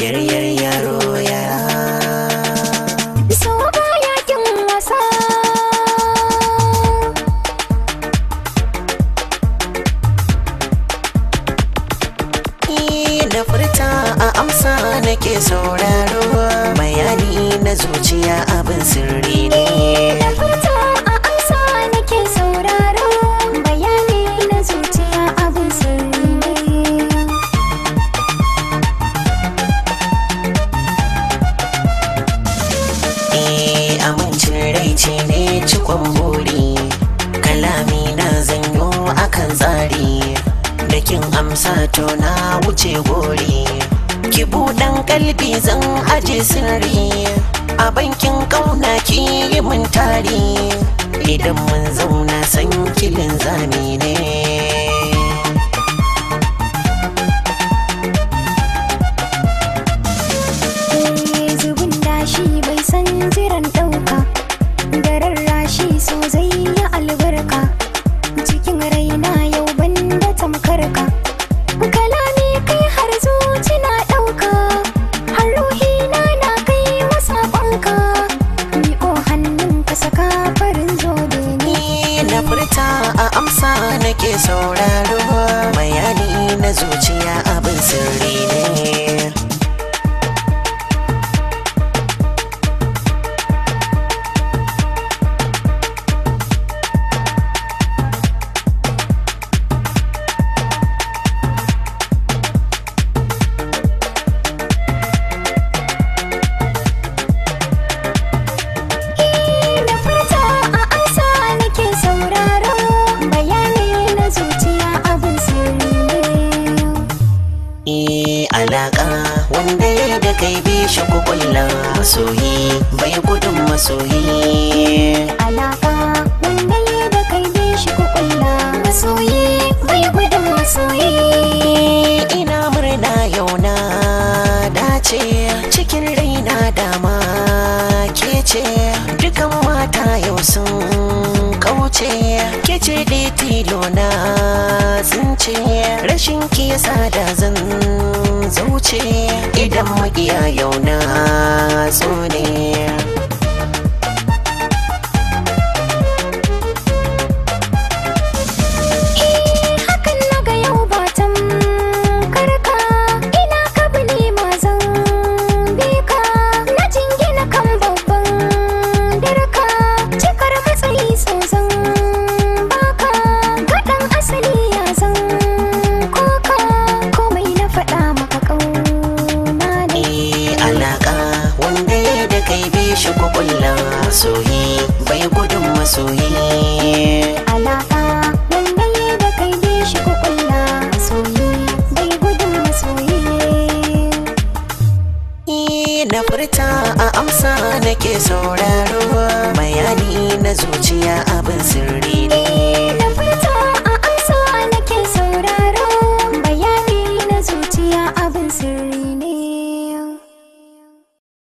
yaryar yaro yara so wasa da furta a amsa nake sauraro bayani na zuciya abin sirri ne ce ne cikon bori kalami na zanyo akan tsari da kin amsa to na wuce gori ki buɗan kalbi zan aje sirri a bankin kauna ki yi mun tari idan mun zauna san kilin zami ne zai yi albarka cikin raina yau banda tamkar ka kalami kai har zuci na ɗauka har ruhi na na kai ni miƙo hannun ka saka farin zobe ne na furta a amsa nake sauraro bayani na zuciya abin sirri alaka wanda ya da kai bi shi kukulla masoyi bai gudun masoyi alaka wanda ya da kai bi shi kukulla masoyi bai gudun masoyi ina murna yau na dace cikin raina dama ke ce dukan mata yau sun kauce ke ce da tilo na tsince rashin kiyasa da zan zuciya idan makiya yau na kulla soyi bai gudun masoyi alaka ya da kai bi shi ku kulla masoyi bai gudun masoyi na furta a amsa nake sauraro bayani na zuciya abin sirri